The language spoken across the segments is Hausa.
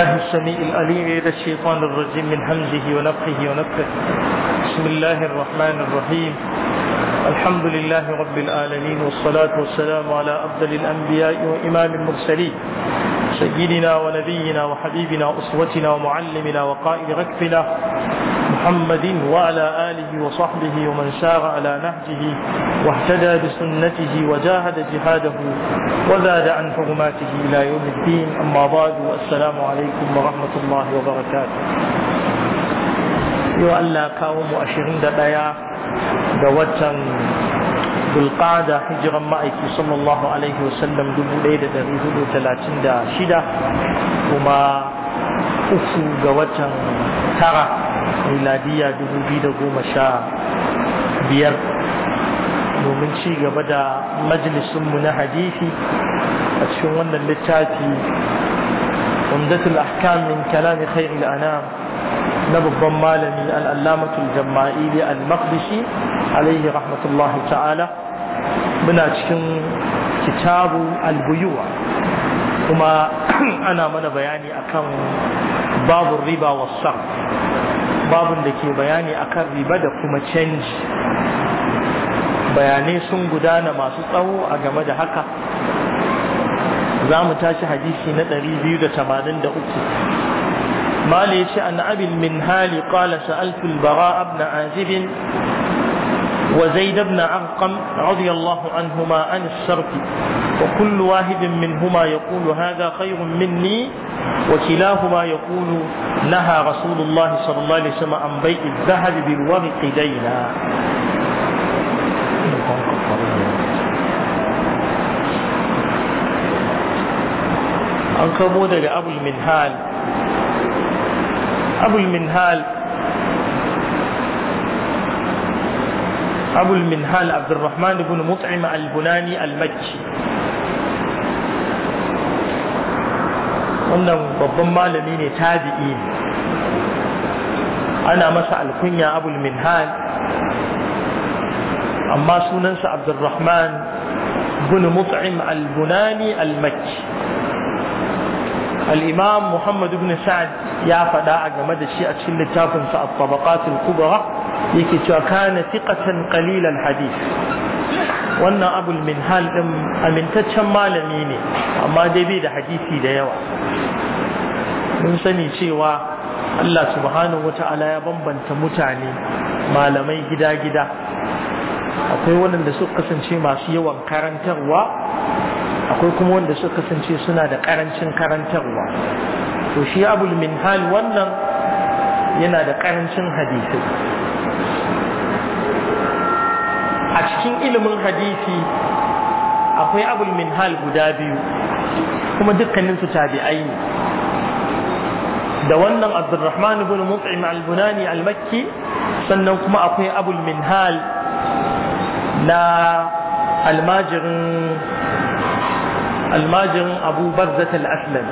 الله السميع الأليم إلى الشيطان الرجيم من همزه ونفخه ونفخه بسم الله الرحمن الرحيم الحمد لله رب العالمين والصلاة والسلام على أفضل الأنبياء وإمام المرسلين سيدنا ونبينا وحبيبنا أسوتنا ومعلمنا وقائد ركبنا محمد وعلى آله وصحبه ومن سار على نهجه واهتدى بسنته وجاهد جهاده وزاد عن حرماته إلى يوم الدين أما بعد السلام عليكم ورحمة الله وبركاته يو ألا كاوم أشرين دقيا دوتا dulƙada hijiran ma'aiki sallallahu alaihi wasallam dubu ɗaya da ɗari hudu talatin da shida kuma uku ga watan tara miladiya biyar domin ci gaba da majalisunmu na hadisi a cikin wannan littafi umdatul ahkam min kalami khairil anam na babban malami al'allamatul jama'ili al-maqdisi alaihi rahmatullahi ta'ala muna cikin kitabu albuyuwa kuma ana mana bayani akan babu riba wasan babin da ke bayani akan riba da kuma canji bayanai sun gudana masu tsawo a game da haka za mu tashi hadisi na 283 mala ya ce an abin min hali kala sa'altul bara abna azibin وزيد بن أرقم رضي الله عنهما عن الشرط وكل واحد منهما يقول هذا خير مني وكلاهما يقول نهى رسول الله صلى الله عليه وسلم عن بيع الذهب بالورق دينا أنكبوا ذلك أبو المنهال أبو المنهال أبو المنهال عبد الرحمن بن مطعم البناني المكي wannan babban malami ne tabi'i ne ana masa alkunya abul minhal amma sunansa abdurrahman bin mut'im al-bunani al-makki al-imam muhammad ibn sa'd ya faɗa a game da shi a cikin littafinsa a tabaqatul kubra yake cewa kana thiqatan qalilan hadith wannan abul minhal din amintaccen malami ne amma dai bai da hadisi da yawa mun sani cewa Allah subhanahu wata'ala ya bambanta mutane malamai gida-gida akwai waɗanda suka kasance masu yawan karantarwa akwai kuma wanda suka kasance suna da ƙarancin karantarwa to shi abul wannan yana da karancin hadisi a cikin ilimin hadisi akwai abul hal guda biyu kuma dukkaninsu tabi'ai ne da wannan abdurrahman ibn mut'im al-bunani al-makki sannan kuma akwai abul minhal na almajirin almajin abu barzat al-aslam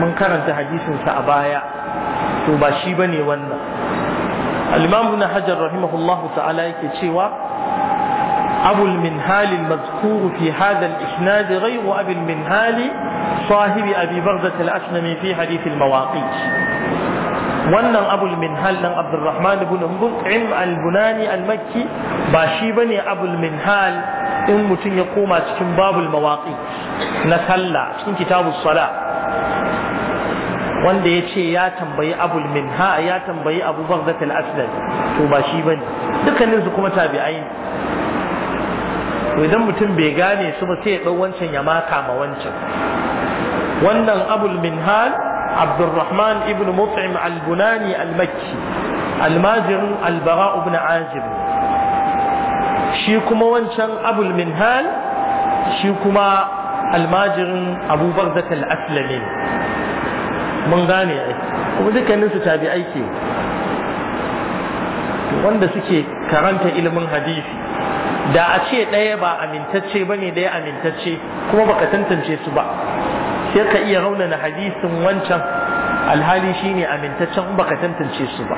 mun karanta hadisinsa a baya to ba shi bane wannan al-imam ibn hajar rahimahullah ta'ala yake cewa أبو المنهال المذكور في هذا الإسناد غير أبي المنهال صاحب أبي بردة الأسلمي في حديث المواقيت wannan abul min hal dan abdurrahman ibn mut'im al-bunani al-makki ba shi bane abul min hal in mutum ya koma cikin babul mawaki na sallah cikin kitabu sala wanda ya ce ya tambayi abul min ha ya tambayi abu bagdat aslan to ba shi bane dukkanin su kuma tabi'ai to idan mutum bai gane su ba sai ya dau wancan ya maka ma wancan wannan abul minhal abdurrahman ibn mut'im al-bunani al-makki almajirin albara ibn azib shi kuma wancan abul minhal shi kuma almajirin abubar zakal aslamin mun gane kuma dukkanin su tabi aiki wanda suke karanta ilimin hadisi da a ce ɗaya ba amintacce ba ne ɗaya amintacce kuma baka tantance su ba sai ka iya raunana hadisin wancan alhali shine amintaccen baka tantance su ba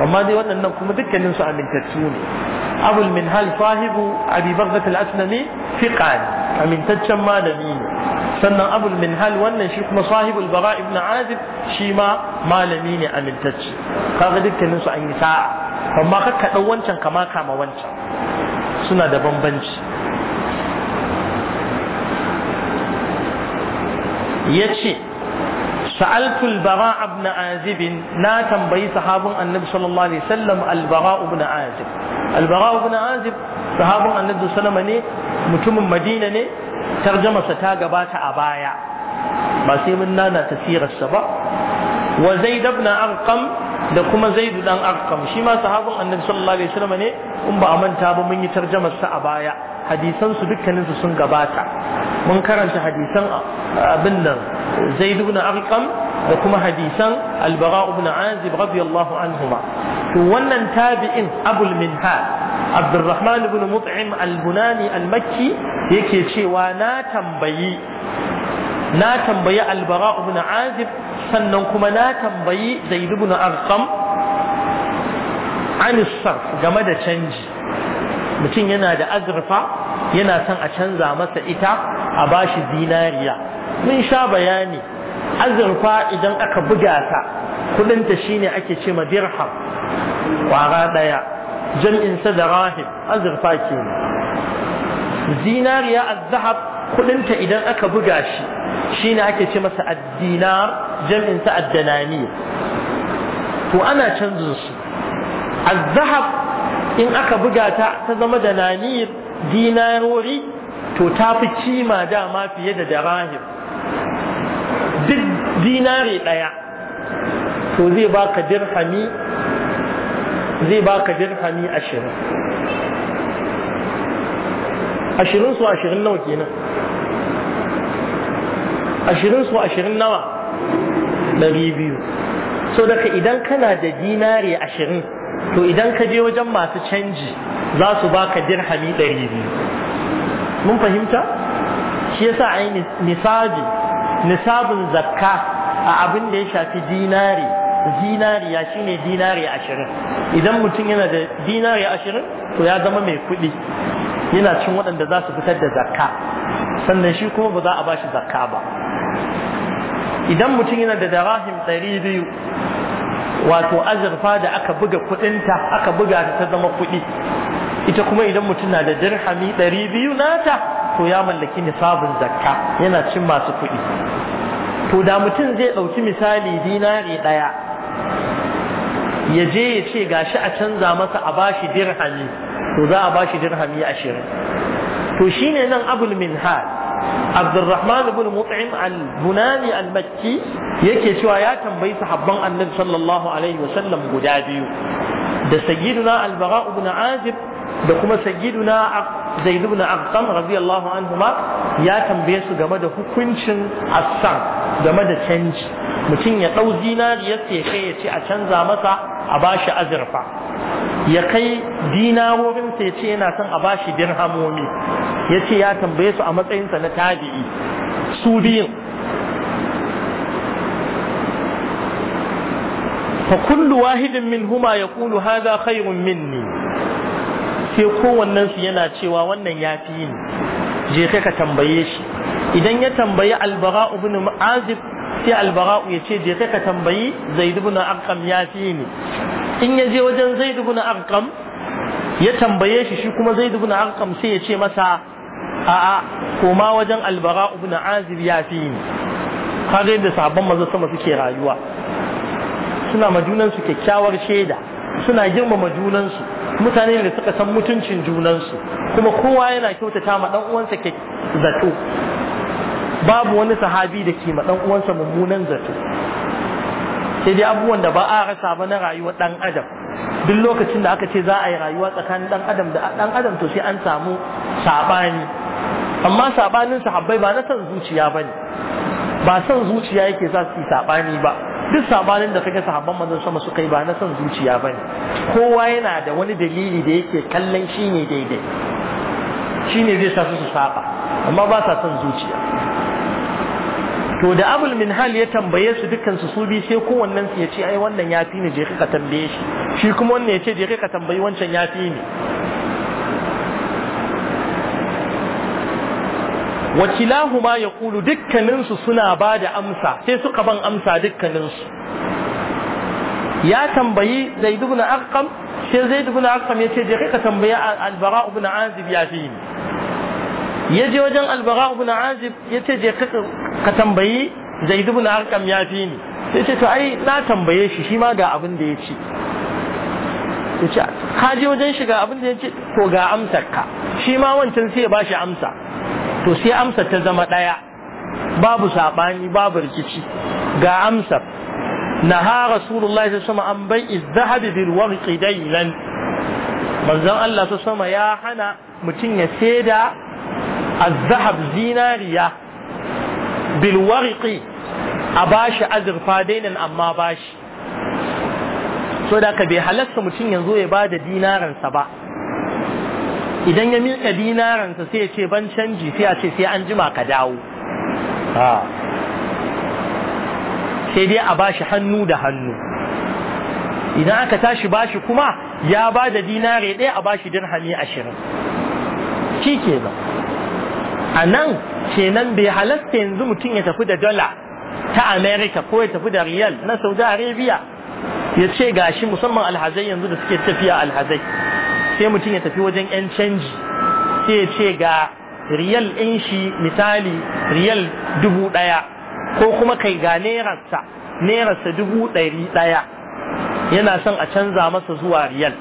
amma dai waɗannan kuma dukkanin su amintattu ne abul minhal sahibu abi bagdat al-asnami fiqan amintaccen malami ne sannan abul minhal wannan shi kuma sahibul bara ibn azib shi ma malami ne amintacce kaga dukkanin su an yi sa'a amma ka wancan kama kama wancan suna da bambanci ya ce سألت البراء بن عازب نا تنبي صحاب النبي صلى الله عليه وسلم البراء بن عازب البراء بن عازب صحاب النبي صلى الله عليه وسلم متم مدينة ني ترجمة ستاقة بات أبايا ما سيمن نانا تسير السبع وزيد بن أرقم da kuma zaidu dan arkam shi ma sahabin annabi sallallahu alaihi wasallam ne in ba a manta ba mun yi tarjamar sa a baya hadisan su dukkanin su sun gabata mun karanta hadisan abin nan zaid ibn arqam da kuma hadisan albara ibn azib radiyallahu anhuma to wannan tabi'in abul minhal abdurrahman ibn mut'im al-bunani al-makki yake cewa na tambayi na albara ibn azib sannan kuma na tambayi zaid ibn arqam an sarf game da canji mutum yana da azurfa yana son a canza masa ita a bashi zinariya mun sha bayani azurfa idan aka buga ta kudinta shine ake ce ma dirham kwara daya jam'in sa da rahim azurfa ke zinariya azhab zahab kudinta idan aka buga shi shine ake ce masa ad-dinar jam'in sa ad-danani to ana canza su azhab zahab in aka buga ta ta zama dananir dinarori to ta fi kima dama fiye da dirham duk dinari ɗaya to zai baka dirhami zai baka dirhami ashirin ashirin su ashirin nawa kenan ashirin su ashirin nawa ɗari biyu so daga idan kana da dinari ashirin to idan ka je wajen masu canji za su baka dirhami ɗari biyu mun fahimta shi yasa a yi misali. nisabin zakka a abin da ya shafi dinari dinariya shine dinari ashirin idan mutum yana da dinari ashirin to ya zama mai kuɗi yana cin waɗanda za su fitar da zakka sannan shi kuma ba za a ba shi zakka ba idan mutum yana da darahim ɗari biyu wato azurfa da aka buga kuɗinta aka buga ta ta zama kuɗi ita kuma idan mutum na da dirhami ɗari biyu nata to ya mallaki nisabin zakka yana cin masu kuɗi to da mutum zai ɗauki misali dinari ɗaya ya je ya ce gashi a canza masa a bashi dirhami to za a bashi dirhami ashirin to shi ne nan abul hal abdurrahman ibn mut'im al-bunani al-makki yake cewa ya tambayi sahabban annabi sallallahu alaihi wasallam guda biyu da sayyiduna al-bara ibn azib da kuma sayyiduna zaid ibn arqam radiyallahu ma ya tambaye su game da hukuncin assan game da canji mutum ya dau zinariyar ya kai ya ce a canza masa a bashi azurfa ya kai dinarorin sa ya ce yana son a bashi dirhamomi ya ce ya tambaye su a matsayinsa na tabi'i su biyun فكل واحد منهما haza kairun min ne. sai kowannensu yana cewa wannan ya fi yin je kai ka tambaye shi idan ya tambayi albara ibn azib sai albara ya ce je kai ka tambayi zaid ibn arqam ya fi ni in ya je wajen zaid ibn arqam ya tambaye shi shi kuma zaid ibn arqam sai ya ce masa a'a koma wajen albara ibn azib ya fi ni kaga yadda sabon maza sama suke rayuwa suna ma junansu kyakkyawar shaida suna girmama junansu mutane da suka san mutuncin junansu kuma kowa yana kyautata ma dan uwansa ke zato babu wani sahabi da ke ma dan uwansa mummunan zato sai dai abubuwan da ba a rasa ba na rayuwar dan adam duk lokacin da aka ce za a yi rayuwa tsakanin dan adam da dan adam to sai an samu sabani amma sabanin sahabbai ba na san zuciya bane ba san zuciya yake za su yi sabani ba duk sabanin da suka sahabban manzon sama suka yi ba na son zuciya bane kowa yana da wani dalili da yake kallon shine daidai shine zai sa su saba amma ba sa son zuciya to da abul minhal ya tambaye su dukkan su su bi sai kowannen su ya ce ai wannan ya fi ni je ka tambaye shi shi kuma wannan ya ce je ka tambayi wancan ya fi ni ma ya kulu dukkaninsu suna ba da amsa sai suka ban amsa dukkaninsu ya tambayi zaid ibn arqam sai zaid ibn arqam ya ce je ka tambaya albara ibn azib ya fi ni ya je wajen albara ibn azib ya ce je ka tambayi zaid ibn arqam ya fi ni sai ce to ai na tambaye shi shi ma ga abin da ya ce ya ce ka je wajen shi ga abin da ya ce to ga amsar ka shi ma wancan sai ya bashi amsa to sai amsa ta zama ɗaya babu saɓani babu rikici ga amsar naha rasulullahi ta sama an bai izdahabi bil warqi dailan manzon Allah ta sama ya hana mutum ya saida zahab zinariya bil warqi a bashi azurfa dainan amma bashi so da ka bai halatta mutum yanzu ya bada dinaransa ba idan ya miƙa dinaransa sai ya ce ban canji sai a ce sai an jima ka dawo sai dai a bashi hannu da hannu idan aka tashi bashi kuma ya ba da dinare ɗaya a bashi dirhami ashirin shi kenan a nan kenan bai halasta yanzu mutum ya tafi da dala ta america ko ya tafi da riyal na saudi arabia ya ce gashi musamman alhazai yanzu da suke tafiya alhazai sai mutum ya tafi wajen 'yan canji sai ya ce ga riyal ɗin shi misali riyal dubu ɗaya ko kuma kai ga nerarsa nerarsa dubu ɗari ɗaya yana son a canza masa zuwa riyal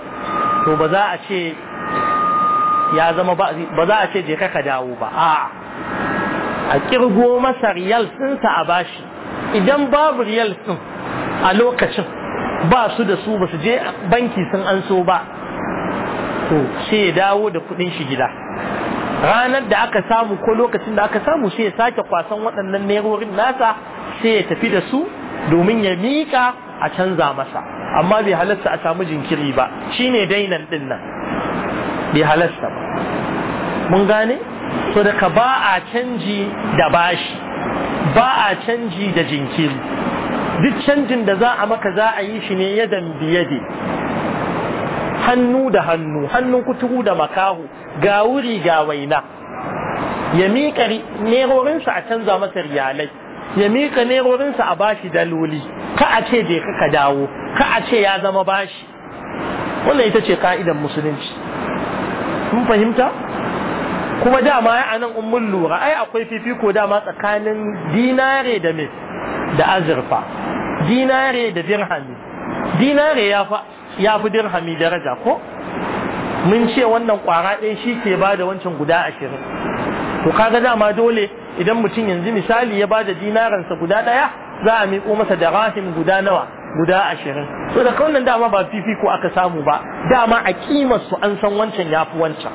to ba za a ce ya zama ba za a ce je ka dawo ba a a kirgo masa riyal ɗinsa a bashi idan babu riyal sun, a lokacin ba su da su ba su je banki sun anso ba to sai ya dawo da kuɗin shi gida ranar da aka samu ko lokacin da aka samu sai ya sake kwasan waɗannan nerorin nasa sai ya tafi da su domin ya miƙa a canza masa amma bai halasta a samu jinkiri ba shine dainan ɗin nan bai halasta ba mun gane so daga ba a canji da bashi ba a canji da jinkiri duk canjin da za a maka za a yi shi ne yadan biyade hannu da hannu hannun kuturu da makahu ga wuri ga waina ya miƙa nerorinsa a canza masa riyalai ya miƙa nerorinsa a bashi daloli ka a ce bai ka dawo ka a ce ya zama bashi wannan ita ce ka'idan musulunci mun fahimta kuma dama ya anan mun lura ai akwai fifiko dama tsakanin dinare da me da azurfa dinare da dirhami dinare ya fa ya fi dirhami daraja ko mun ce wannan kwara ɗaya shi ke ba da wancan guda ashirin to kaga dama dole idan mutum yanzu misali ya ba da dinaransa guda ɗaya za a miƙo masa da rahim guda nawa guda ashirin so da kawunan dama ba fifiko aka samu ba dama a kimar su an san wancan ya fi wancan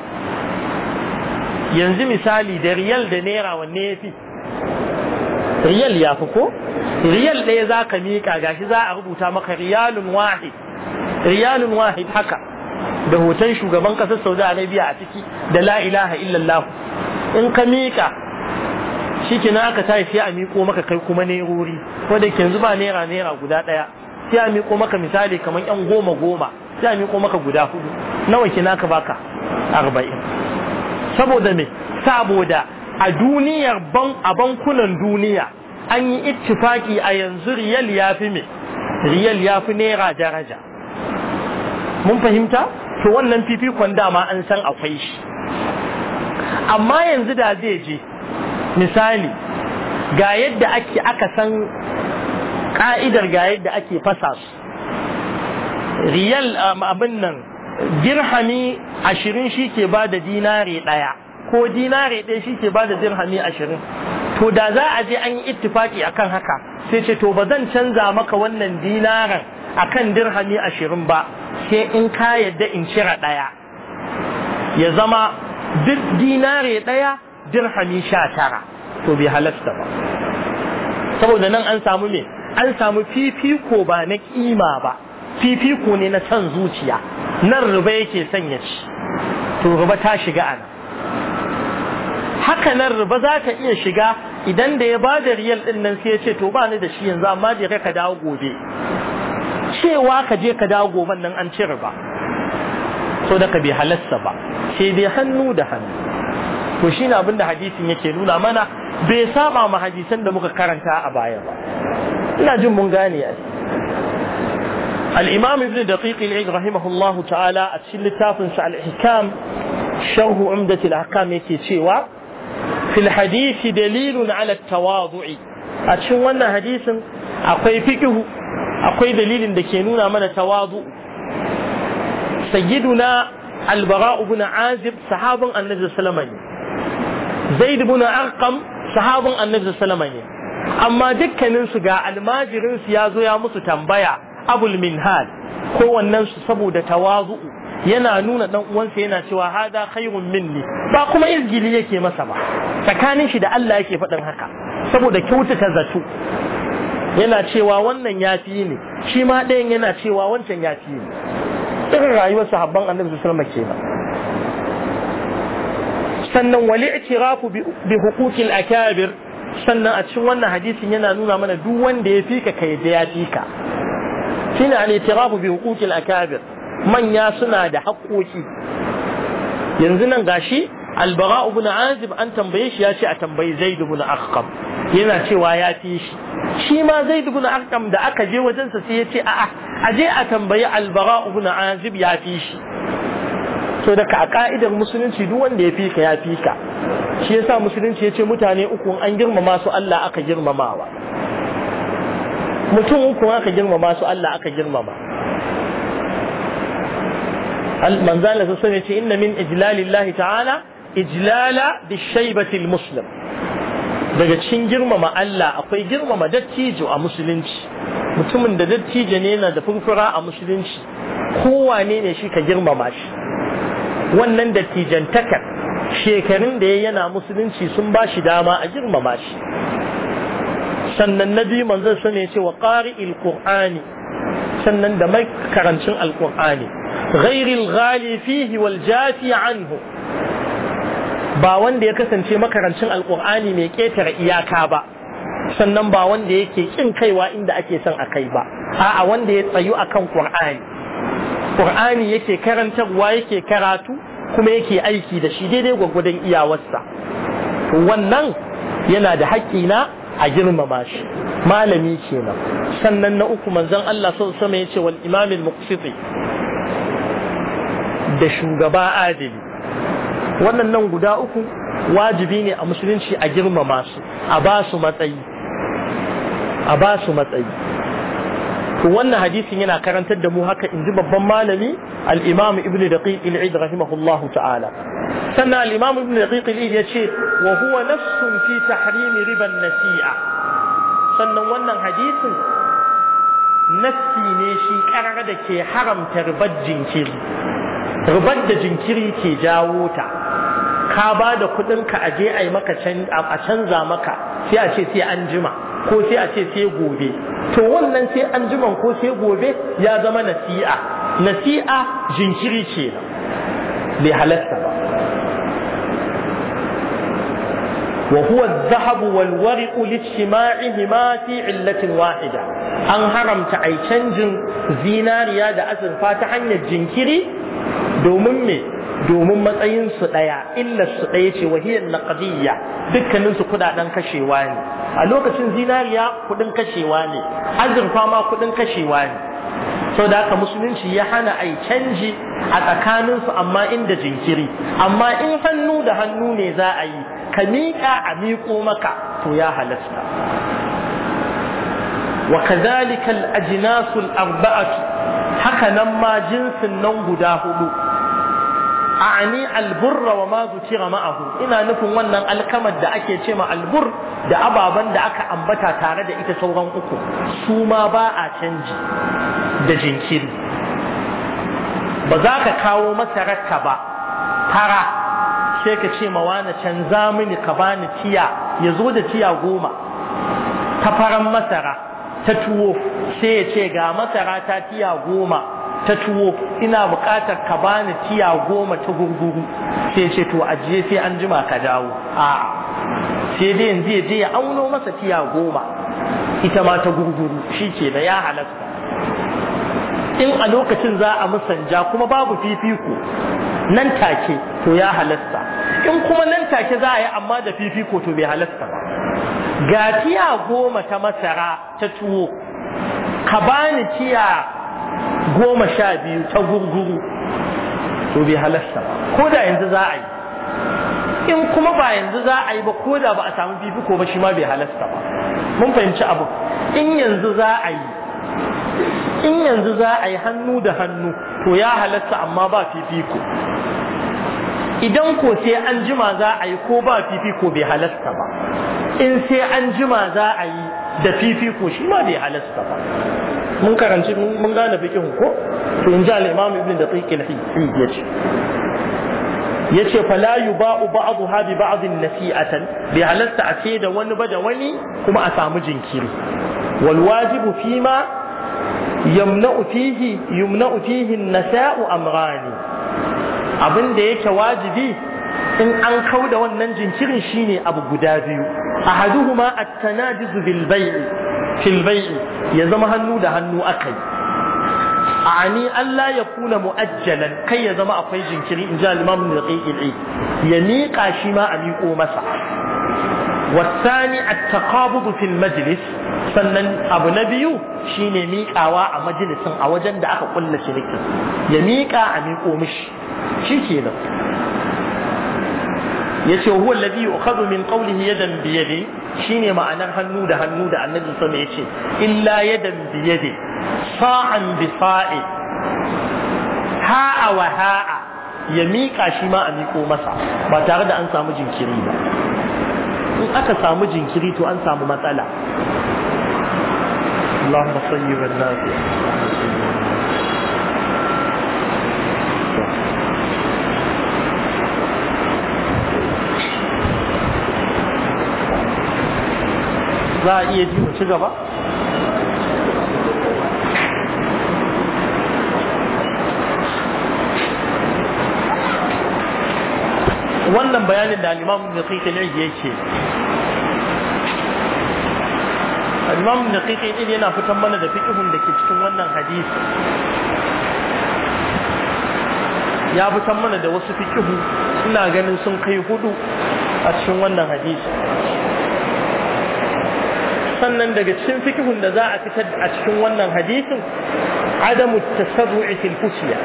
yanzu misali da riyal da naira wanne ya fi riyal ya fi ko riyal ɗaya za ka miƙa gashi za a rubuta maka riyalun wahid riyalun wahid haka da hoton shugaban ƙasar saudi arabia a ciki da la ilaha illallah in ka miƙa shi ke aka tashi sai a miƙo maka kai kuma nerori wadda ke yanzu ba naira naira guda ɗaya sai a miƙo maka misali kamar yan goma goma sai a miƙo maka guda hudu nawa ke naka baka arba'in saboda me saboda a duniyar a bankunan duniya an yi ittifaki a yanzu riyal ya fi me riyal ya fi naira daraja mun fahimta to wannan fifikon dama an san akwai shi amma yanzu da zai je misali ga yadda ake aka san ka'idar ga yadda ake fasa su riyal abin nan dirhami ashirin shi ke ba da dinare ɗaya ko dinare ɗaya shi ke ba da dirhami ashirin to da za a je an yi ittifaki akan haka sai ce to ba zan canza maka wannan dinaren A kan dirhami ashirin ba sai in ka yadda in cira ɗaya ya zama duk dinare ɗaya dirhami sha tara to bai halasta ba saboda nan an samu me an samu fifiko ba na kima ba fifiko ne na son zuciya nan ruba yake sanya ci to ruba ta shiga ana. haka nan ruba za ta iya shiga idan da ya ba da riyal din nan sai ya ce to ba ni da shi yanzu amma da ka dawo gobe cewa ka je ka dawo goben nan an cire ba so da ka bi halarsa ba ke dai hannu da hannu to shi abin da hadisin yake nuna mana bai saba ma hadisan da muka karanta a baya ba ina jin mun gane Al-Imam ibn daqiq al'id rahimahullahu ta'ala a cikin littafin sa al-hikam sharhu umdat al-ahkam yake cewa fil hadisi dalilun ala at-tawadhu'i a cikin wannan hadisin akwai fiqhu akwai dalilin da ke nuna mana tawazu sayyiduna albara ibn azib sahabin annabi sallama ne zaid ibn arqam sahabin annabi sallama ne amma dukkanin su ga almajirin su ya zo ya musu tambaya abul minhal wannan su saboda tawazu yana nuna dan uwansa yana cewa hada khairun minni ba kuma izgili yake masa ba tsakanin shi da Allah yake faɗin haka saboda kyautuka zato yana cewa wannan ya fi ne shi ma ɗayan yana cewa wancan ya fi ne irin rayuwar sahabban annabi sallallahu alaihi wasallam kenan sannan wali i'tirafu bi huquqil akabir sannan a cikin wannan hadisin yana nuna mana duk wanda ya fika kai da ya fika shine al-i'tirafu bi huquqil akabir manya suna da haƙƙoƙi yanzu nan gashi albara ibn azib an tambaye shi ya ce a tambayi zaid ibn akhqab yana cewa ya fi shi shi ma zai ibn arkam da aka je wajensa sai ya ce a'a a je a tambayi albara uku na azib ya fi shi to da ka ka'idar musulunci duk wanda ya fi ka ya fi ka shi yasa musulunci ya ce mutane uku an girmama su Allah aka girmamawa mutum uku aka girmama su Allah aka girmama manzala sai ya ce inna min ijlalillahi ta'ala ijlala bishaybati almuslim daga cikin girmama Allah akwai girmama dattijo a musulunci mutumin da dattijo ne yana da furfura a musulunci kowane ne shi ka girmama shi wannan dattijantakar shekarun da ya yana musulunci sun ba shi dama a girmama shi sannan na biyu manzon sun ya ce wa qari'il qur'ani sannan da mai karancin alqur'ani ghairil ghalifihi wal jafi anhu ba wanda ya kasance makarancin alkur'ani mai ƙetare iyaka ba sannan ba wanda yake kin kaiwa inda ake son a kai ba a'a wanda ya tsayu akan qur'ani qur'ani yake karantarwa yake karatu kuma yake aiki da shi daidai gwagwadon iyawarsa wannan yana da haƙƙi na a girmama shi malami kenan sannan na uku manzon Allah sallallahu alaihi wasallam yace wal imamul muqsiti da shugaba adili wannan nan guda uku wajibi ne a musulunci a girmama su a ba su matsayi a ba su matsayi to wannan hadisin yana karantar da mu haka inji babban malami al-imam ibn daqiq al-eid rahimahullah ta'ala sannan al-imam ibn daqiq al-eid yace wa huwa nafsun fi tahrim riban nasi'a sannan wannan hadisin nassi ne shi karar da ke haramta ribar jinkiri ribar da jinkiri ke jawo ta ka ba da kuɗinka a je a yi maka a canza maka sai a ce sai an jima ko sai a ce sai gobe to wannan sai an ko sai gobe ya zama nasi'a nasi'a jinkiri ce bai halatta ba wa huwa dhahabu wal wariqu lijtima'ihima fi illatin wahida an haramta ai canjin zinariya da azurfa ta hanyar jinkiri domin me domin matsayin su ɗaya, illar su ɗaya ce wahiyar naqdiyya dukkanin su kudaden kashewa ne a lokacin zinariya kudin kashewa ne azurfa ma kudin kashewa ne sau da haka musulunci ya hana ai canji a tsakaninsu amma inda jinkiri amma in hannu da hannu ne za a yi ka miƙa a miƙo maka to ya halasta wa kazalikal al arba'atu haka nan ma jinsin nan guda hudu a'ani alburra wa ma zukira ma'ahu ina nufin wannan alkamar da ake ce ma albur da ababen da aka ambata tare da ita sauran uku su ma ba a canji da jinkiri ba za ka kawo masararka ba tara sai ka ce ma wani canza mini ka bani tiya ya zo da tiya goma ta faran masara ta tuwo sai ya ce ga masara ta tiya goma ta tuwo ina buƙatar ka bani tiya goma ta gurguru sai ce to ajiye sai an jima ka dawo a sai dai yanzu ya je ya auno masa tiya goma ita ma ta gurguru shi ke da ya halatta in a lokacin za a musanja kuma babu fifiko nan take to ya halasta in kuma nan take za a yi amma da fifiko to bai halasta ba ga tiya goma ta masara ta tuwo ka bani tiya goma sha biyu ta gurguru to bai halasta ko da yanzu za a yi in kuma ba yanzu za a yi ba ko da ba a samu fifiko ba shi ma bai halasta ba mun fahimci abu in yanzu za a yi in yanzu za a yi hannu da hannu to ya halasta amma ba fifiko idan ko sai an jima za a yi ko ba fifiko bai halasta ba in sai an jima za a yi da fifiko shi ma bai halasta ba mun karanci mun gane fiqhun ko to in ji al-imam ibn daqiq al-hayy yace yace fala yuba'u ba'daha bi ba'din nasi'atan bi halasta a ce da wani ba da wani kuma a samu jinkiri wal wajibu fima yamna'u fihi yumna'u fihi an-nasa'u amrani abin da yake wajibi in an kau da wannan jinkirin shine abu guda biyu ahaduhuma at-tanadizu bil bay'i في البيع يزم هنو ده هنو أكي أعني أن لا يكون مؤجلا كي يزم أفيج كري إن جاء الإمام الرقيق العيد ينيق أشيما أن يقوم مسع والثاني التقابض في المجلس sannan abu na biyu shi ne miƙawa a majalisin a wajen da aka ƙulla shirikin ya miƙa a miƙo mishi shi ke nan yace huwa alladhi yu'khadhu min qawlihi yadan bi yadi shine ma'anar hannu da hannu da annabi sallallahu alaihi ce. illa yadan bi yadi sa'an bi sa'i ha'a wa ha'a ya miƙa shi ma a miƙo masa ba tare da an samu jinkiri ba in aka samu jinkiri to an samu matsala za a iya ji mu ci gaba wannan bayanin da al-imam ibn qayyim yake al da ibn qayyim yana fitan mana da fiƙihun da ke cikin wannan hadisi ya fitan mana da wasu fiqhu suna ganin sun kai hudu a cikin wannan hadisi sannan daga cikin fikihun da za a fitar a cikin wannan hadisin adamu tasarru'i fil fushiya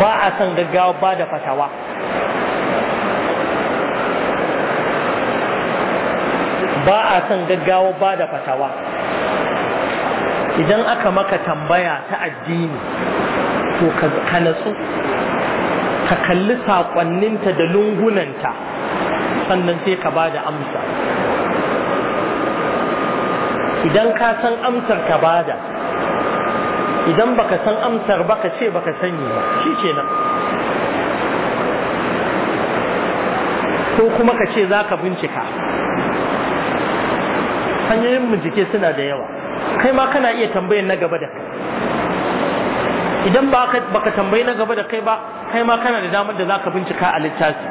ba a san gaggawa ba da fatawa ba a san gaggawa ba da fatawa idan aka maka tambaya ta addini to ka natsu ka kalli saƙonninta da lungunanta sannan sai ka ba da amsa idan ka san amsar ka bada idan baka san amsar baka ce baka sani ba shi ce na. ko kuma ka ce za ka bincika hanyoyin bincike suna da yawa kai ma kana iya tambayar na gaba da kai idan baka tambayi na gaba da kai ba kai ma kana da damar da za ka bincika a littafi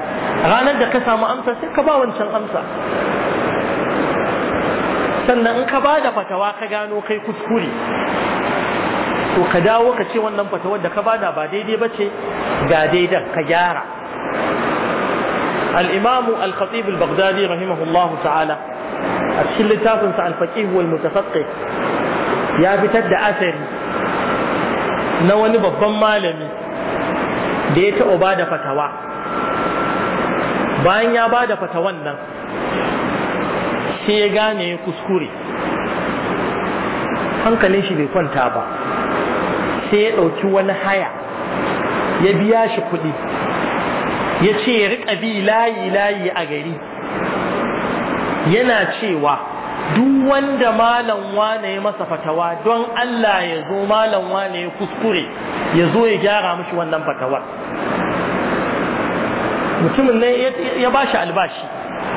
ranar da ka samu amsa sai ka ba wancan amsa sannan in ka bada fatawa ka gano kai kuskure to ka dawo ka ce wannan fatawar da ka bada ba daidai ba ce ga daidan ka gyara al imam al-khatib al-baghdadi rahimahullah ta'ala a cikin sa al-faqih wal mutafaqqih ya fitar da asari na wani babban malami da ya taɓa bada fatawa bayan ya bada fatawan nan sai ya gane ya kuskure hankalin shi bai kwanta ba sai ya ɗauki wani haya ya biya shi kuɗi ya ce ya riƙa bi layi-layi a gari yana cewa duk wanda malam wane ya masa fatawa don Allah ya zo malam wane ya kuskure ya zo ya gyara mashi wannan fatawar mutumin nan ya ba shi albashi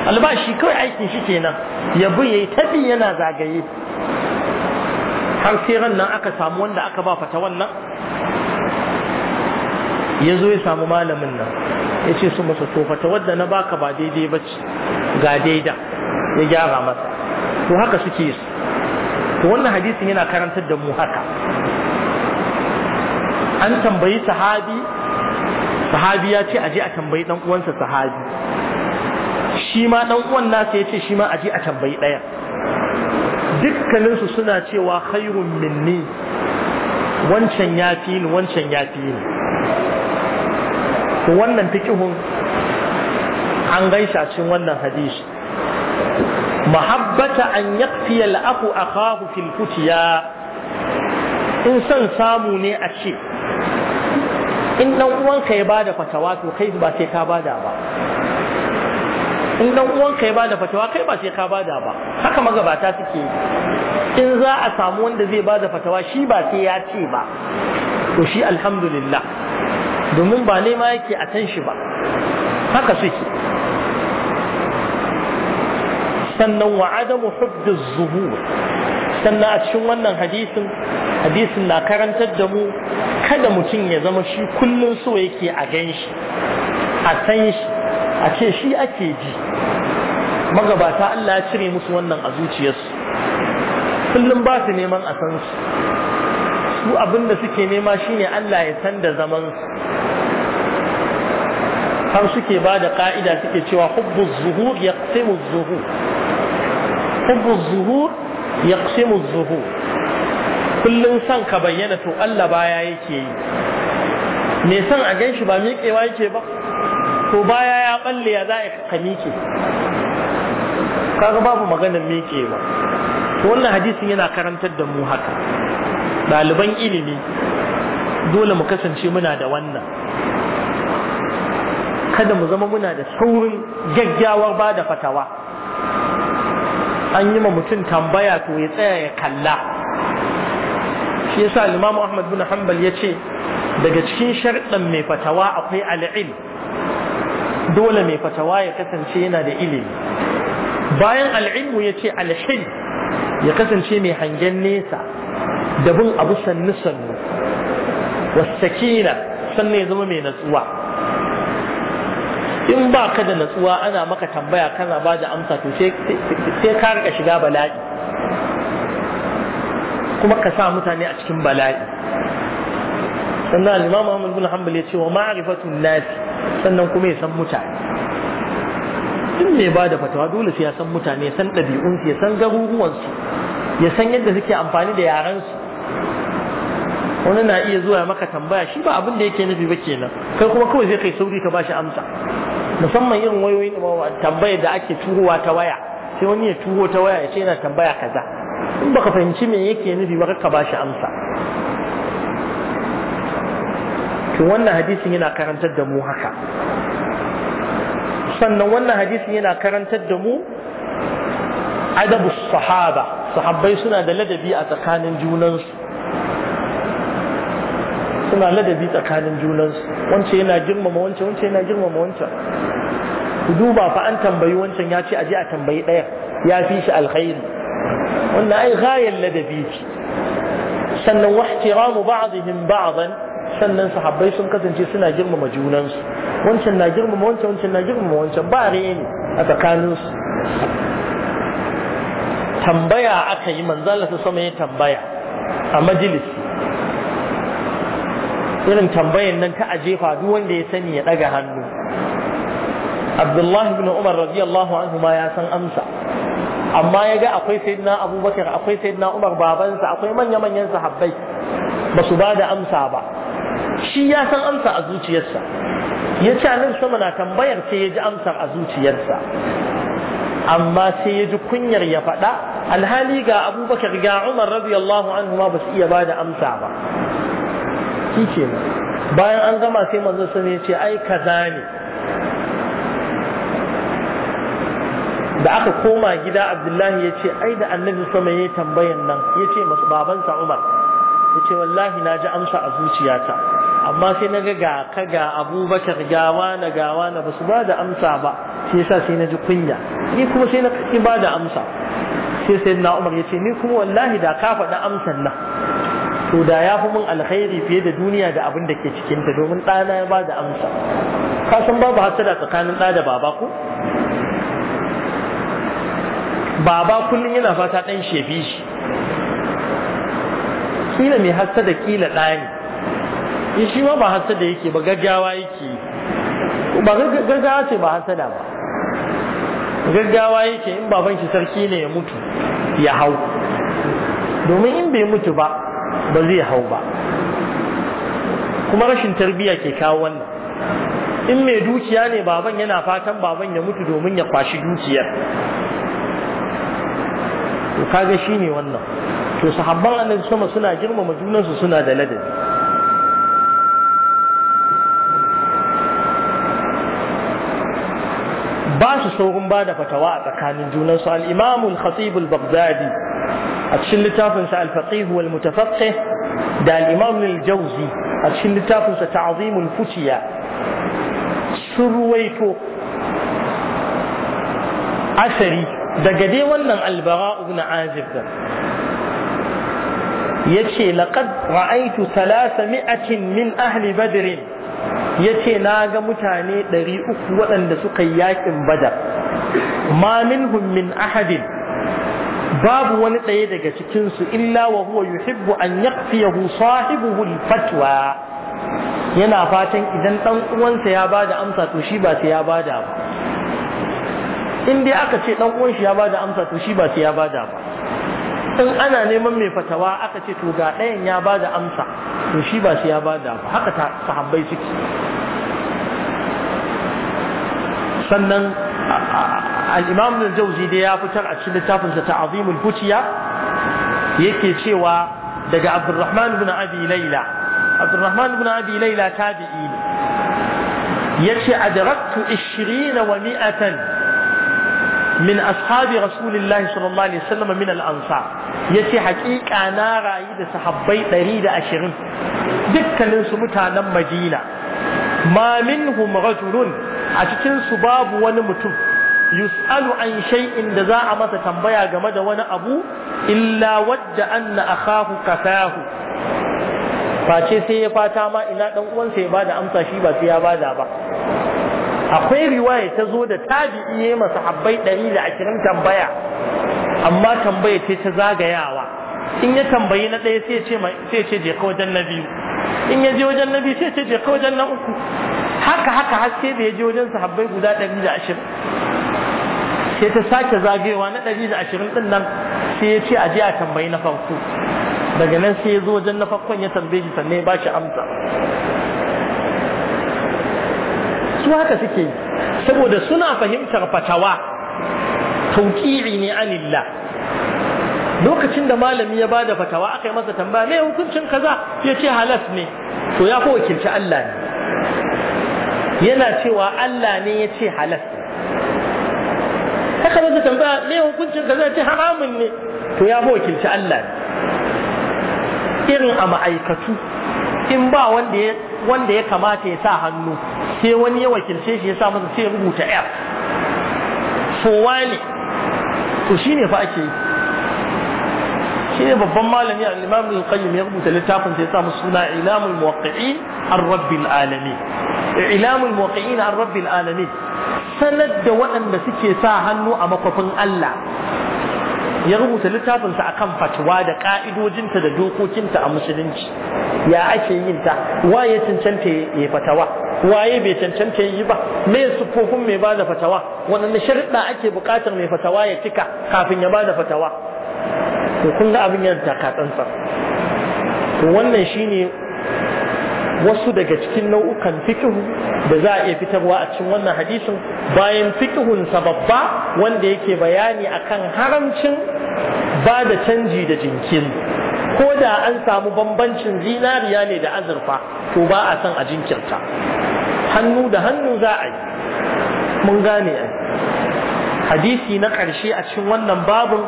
albashi kawai aikin shi kenan ya bi yayi tabi yana zagaye har sai ran nan aka samu wanda aka ba fata wannan ya zo ya samu malamin nan ya ce su masa to fata wadda na baka ba daidai ba ce ga daida ya gyara masa to haka suke yi to wannan hadisin yana karantar da mu haka an tambayi sahabi sahabi ya ce aje a tambayi dan uwansa sahabi shi ma dan uwan nasa yace shi ma ji a tambayi ɗaya dukkaninsu suna cewa khairun minni wancan ya fi ni wancan ya fi ni wannan fiqhun an gaisa cin wannan hadisi mahabbata an yakfi al a akahu fil in son samu ne a ce in dan uwanka ya bada fatawa to kai ba sai ka bada ba in dan uwanka ya bada fatawa kai ba sai ka bada ba haka magabata suke in za a samu wanda zai bada fatawa shi ba sai ya ce ba to shi alhamdulillah domin ba nema yake a can shi ba haka suke sannan wa adamu hubdu zuhur sannan a cikin wannan hadisin hadisin na karantar da mu kada mutum ya zama shi kullum so yake a gan shi a san shi a ce shi ake ji magabata Allah ya cire musu wannan a zuciyarsu kullum ba su neman a san su su abin da suke nema shine Allah ya san da zaman su har suke ba da ka'ida suke cewa hubbu zuhur yaqsimu zuhur hubbu zuhur zuhur kullum san ka bayyana to Allah baya yake yi me san a shi ba miƙewa yake ba to baya ya balle ya za a ka miƙe kaga babu maganar ba to wannan hadisin yana karantar da mu haka daliban ilimi dole mu kasance muna da wannan kada mu zama muna da saurin gaggawar ba da fatawa an yi ma mutum tambaya to ya tsaya ya kalla shi yasa Limamu Ahmad bin Hanbal ya ce daga cikin sharɗan mai fatawa akwai al'il dole mai fatawa ya kasance yana da ilimi bayan al'ilmu ya ce alhil ya kasance mai hangen nesa da bin abu sannu sannu wasakina sannan ya zama mai natsuwa in ba ka da natsuwa ana maka tambaya kana ba da amsa to sai ka rika shiga bala'i kuma ka sa mutane a cikin bala'i sannan al-imam Ahmad bin Hanbal ya ce wa ma'rifatun nasi sannan kuma ya san mutane duk mai ba da fatawa dole sai ya san mutane ya san ɗabi'unsu ya san garuruwansu ya san yadda suke amfani da yarensu wani na iya zuwa maka tambaya shi ba abin da yake nufi ba kenan kai kuma kawai zai kai sauri ka shi amsa musamman irin wayoyin tambayar da ake turowa ta waya sai wani ya turo ta waya ya ce yana tambaya kaza in baka fahimci me yake nufi ba ka ba shi amsa to wannan hadisin yana karantar da mu haka sannan wannan hadisin yana karantar da mu adabu sahaba sahabbai suna da ladabi a tsakanin junansu suna ladabi tsakanin junansu wance yana girmama wancan wance yana girmama wancan ku duba fa an tambayi wancan ya ce aje a tambayi ɗaya ya fi shi alkhairi wannan ai ghayar ladabi sannan wa ihtiramu ba'dihim ba'dan sannan sahabbai sun kasance suna girmama junansu wancan na girmama wancan wancan na girmama wancan ba reni a tsakaninsu tambaya aka yi manzala ta sama ya tambaya a majalis irin tambayan nan ta ajefa duk wanda ya sani ya daga hannu abdullahi ibn umar radiyallahu anhu ma ya san amsa amma ya ga akwai sayyidina abubakar akwai sayyidina umar babansa akwai manya-manyan sahabbai ba su ba da amsa ba shi ya san amsa a zuciyarsa ya ce nan sama na tambayar sai ya ji amsar a zuciyarsa amma sai ya ji kunyar ya faɗa alhali ga abubakar ga umar radiyallahu anhu ma ba su iya ba da amsa ba shi ke bayan an gama sai manzo sun ya ce ai kaza ne da aka koma gida abdullahi ya ce ai da annabi sama ya tambayan nan ya ce masu babansa umar ya ce wallahi na ji amsa a zuciyata amma sai na ga ka ga abubakar gawa na gawa na ba su ba da amsa ba sai yasa sai na ji kunya ni kuma sai na ki ba da amsa sai sai na umar ya ce ni kuma wallahi da ka faɗi amsan nan to da ya fi mun alkhairi fiye da duniya da abin da ke cikinta domin ɗana ya ba da amsa ka san babu hasada tsakanin ɗa da baba ko baba kullum yana fata ɗan shefi shi kila mai hasada kila ɗaya ne ya eh, shi ma ba hasada yake ba gaggawa yake ba gaggawa ce ba hasada ba gaggawa yake in baban shi sarki ne ya mutu ya hau domin in bai mutu ba ba zai hau ba kuma rashin tarbiyya ke kawo wannan in mai dukiya ne baban yana fatan baban ya mutu domin ya kwashi dukiyar to kaga shine wannan to sahabban annabi sama suna girmama junansu suna da ladabi basu su saurin ba da fatawa a tsakanin junansu al-imam al-khatib al-baghdadi a cikin littafin sa al-faqih wal mutafaqih da al-imam al-jawzi a cikin littafin sa ta'zim al-futiya sun ruwaito asari daga dai wannan al-bara ibn azib yace laqad ra'aytu 300 min ahli badr ya ce na ga mutane ɗari uku waɗanda suka yi yaƙin bada, ma minhum min ahadin babu wani ɗaya daga cikinsu illa wa huwa yuhibbu an yaqfiyahu sahibuhu fatwa yana fatan idan ɗan uwansa ya bada amsa to shi ba sai ya bada ba in dai aka ce ɗan uwan shi ya bada amsa to shi ba sai ya bada ba in ana neman mai fatawa aka ce to ga ɗayan ya ba da amsa to shi ba shi ya ba da ba haka sahabbai suke sannan al'imam da jauzi dai ya fitar a cikin littafinsa ta azimul futiya yake cewa daga abdurrahman ibn abi laila abdurrahman ibn abi laila tabi'i ne yace adraktu 20 wa 100 min ashabi rasulillahi sallallahu alaihi wasallam min al-ansar yace haƙiƙa na rayu da sahabbai 120 dukkanin su mutanen Madina ma minhum rajulun a cikin su babu wani mutum yus'alu an shay'in da za a masa tambaya game da wani abu illa wadda anna akhahu kafahu face sai ya fata ma ina dan uwansa ya bada amsa shi ba sai ya bada ba akwai riwaya ta zo da tabi'i ya masa habbai ɗari da ashirin tambaya amma tambaya ce ta zagayawa in ya tambayi na ɗaya sai ce sai ce je wajen na biyu in ya je wajen na biyu sai ce je wajen na uku haka haka haske da ya je wajen sahabbai guda ɗari da ashirin sai ta sake zagayewa na ɗari da ashirin nan sai ya ce a je a tambayi na farko daga nan sai ya zo wajen na farkon ya tambaye shi sannan ya ba shi amsa su haka suke yi saboda suna fahimtar fatawa tauƙiri ne anillah lokacin da malami ya bada fatawa aka yi masa tambaya me hukuncin kaza ya ce halas ne to ya fi wakilci Allah ne yana cewa Allah ne ya ce halas aka masa tambaya me hukuncin kaza ya ce haramun ne to ya fi wakilci Allah ne irin a ma'aikatu in ba wanda ya wanda ya kamata ya sa hannu sai wani ya wakilce shi ya sa masa sai ya rubuta F fowa ne to shine fa ake yi shine babban malami al-Imam al-Qayyim ya rubuta littafin sai ya sa masa suna Ilamul Muwaqqi'in ar-Rabbil Alamin Ilamul Muwaqqi'in ar-Rabbil Alamin sanar da waɗanda suke sa hannu a makwafin Allah ya rubuta littafinsa akan fatwa da ka'idojinta da dokokinta a musulunci ya ake yin ta waye cancanta ya fatawa waye bai cancanta yi ba me sufofin mai bada fatawa wannan sharuɗa ake buƙatar mai fatawa ya cika kafin ya bada fatawa to kun ga abin yadda ka tsantsa to wannan shine wasu daga cikin nau'ukan fikihu da za a iya fitarwa a cikin wannan hadisin bayan fikihun babba wanda yake bayani akan haramcin bada canji da jinkiri ko da an samu bambancin zinariya ne da azurfa to ba a san a jinkirta hannu da hannu za a yi mun gane a hadisi na ƙarshe a cikin wannan babin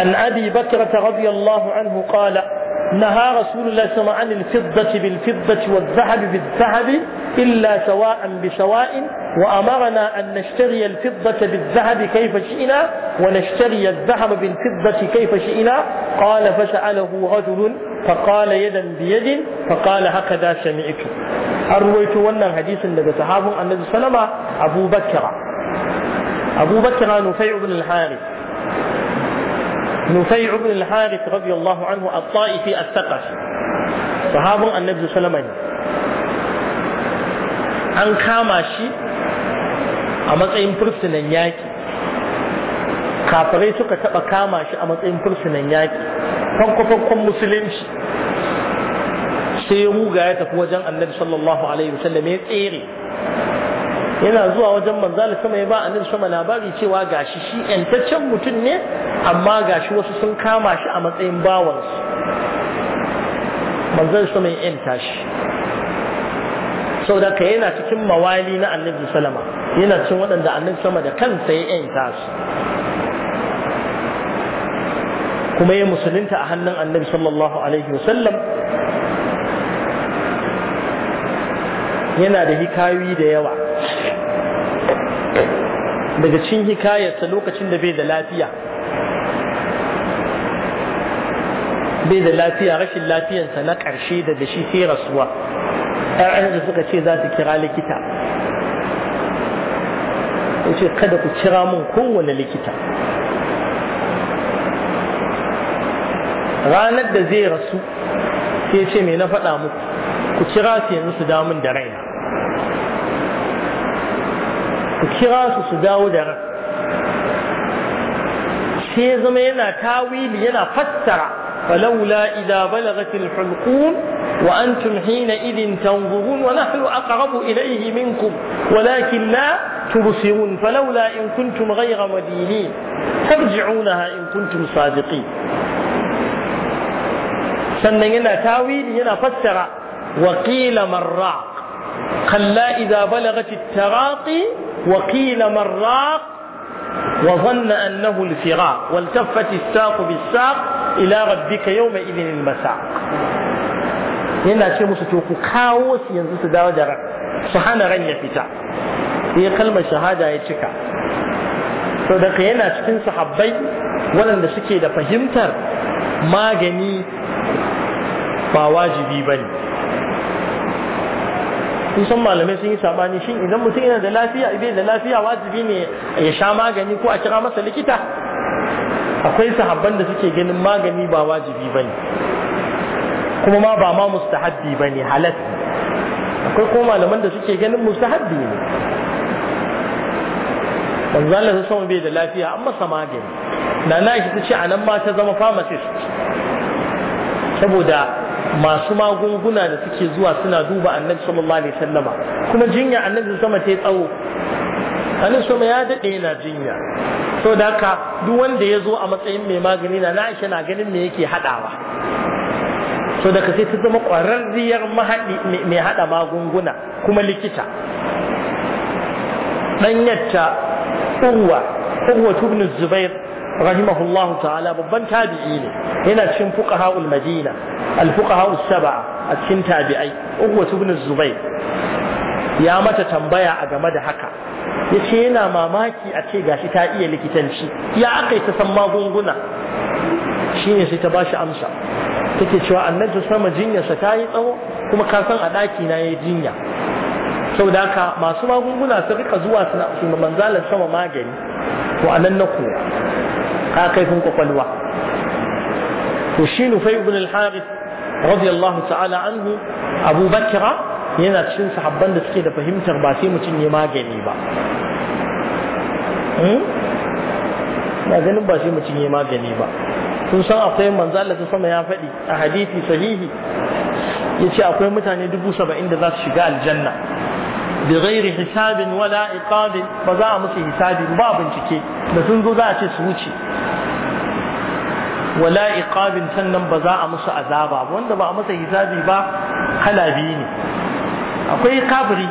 an abi bakrata radiyallahu anhu qala نهى رسول الله صلى الله عليه bil عن الفضة بالفضة bil بالذهب إلا سواء بسواء وأمرنا أن نشتري الفضة بالذهب كيف شئنا ونشتري الذهب بالفضة كيف شئنا قال فسأله رجل فقال يدا بيد فقال هكذا سمعت أرويت ولن حديث لدى صحاب النبي صلى الله عليه وسلم أبو بكر أبو بكر نفيع بن الحارث نفيع بن الحارث رضي الله عنه الطائفي الثقفي صحاب النبي صلى الله عليه وسلم an kama shi a matsayin fursunan yaƙi kafirai suka taɓa kama shi a matsayin fursunan yaƙi fanko-fankon musulunci sai ruga ya tafi wajen annabi sallallahu alaihi wasallam ya tsere yana zuwa wajen manzali sama ya ba annabi sama labari cewa gashi shi yantaccen mutum ne amma gashi wasu sun kama shi a matsayin bawansu manzali sama ya yanta shi saboda ka yana cikin mawali na annabi Salama, yana cikin waɗanda annabi sama da kansa ya yin su kuma ya musulunta a hannun annabi sallallahu alaihi wasallam yana da hikayoyi da yawa daga cikin hikayarsa lokacin da bai da lafiya bai da lafiya rashin lafiyarsa na ƙarshe da da shi sai rasuwa ‘ya'yansu suka ce za su kira likita ya ce kada ku kira mun kowane likita ranar da zai rasu sai ce mai na faɗa muku ku kira su yanzu su damun da raina ku kira su su dawo da ran sai zama yana tawili yana fassara falaula idza balagatil hulqum وأنتم حينئذ تنظرون ونحن أقرب إليه منكم ولكن لا تبصرون فلولا إن كنتم غير مدينين ترجعونها إن كنتم صادقين sannan تاويل هنا فسر وقيل من راق خلا إذا بلغت التراقي وقيل من راق وظن أنه الفراق والتفت الساق بالساق إلى ربك يومئذ المساق yana ce musu to ku kawo su yanzu su dawo da su hana ran ya fita sai kalmar shahada ya cika to daga yana cikin sahabbai waɗanda suke da fahimtar magani ba wajibi ba ne kusan malamai sun yi sabani shin idan mutum yana da lafiya bai da lafiya wajibi ne ya sha magani ko a kira masa likita akwai sahabban da suke ganin magani ba wajibi ba ne kuma ma ba ma mustahabbi ba ne halat akwai ko malaman da suke ganin mustahabbi ne manzo Allah ta sama bai da lafiya an masa magani na na shi ta ce a nan ma ta zama pharmacist saboda masu magunguna da suke zuwa suna duba annabi sallallahu alaihi wasallama kuma jinya annabi sama ta yi tsawo annabi sama ya daɗe yana jinya saboda haka duk wanda ya zo a matsayin mai magani na na na ganin me yake haɗawa so daga sai ta zama ƙwararriyar mahaɗi mai haɗa magunguna kuma likita ɗanyarta urwa urwa tubnu zubair rahimahullahu ta'ala babban tabi'i ne yana cikin fuqaha madina al-fuqaha sab'a a cikin tabi'ai urwa tubnu zubair ya mata tambaya a game da haka ya ce yana mamaki a ce gashi ta iya likitanci ya aka yi ta san magunguna shine sai ta bashi amsa take cewa annabi sama jinyarsa ta yi tsawo kuma ka san a ɗaki na yayi jinya saboda haka masu magunguna sun rika zuwa su Manzalan sama magani to anan na koya ka kun kwakwalwa to shi nufai ibn al-harith radiyallahu ta'ala anhu abu bakira yana cikin sahabban da suke da fahimtar ba sai mutum ya magani ba hmm? na ganin ba sai mutum magani ba Sun san akwai manzo Allah ta sama ya faɗi a hadisi sahihi ce akwai mutane dubu saba'in da za su shiga aljanna bi ghairi hisabin wala iqabin ba za a musu hisabi ba bincike da sun zo za a ce su wuce wala iqabin sannan ba za a musu azaba ba wanda ba a musu hisabi ba kala biyu ne akwai kabiri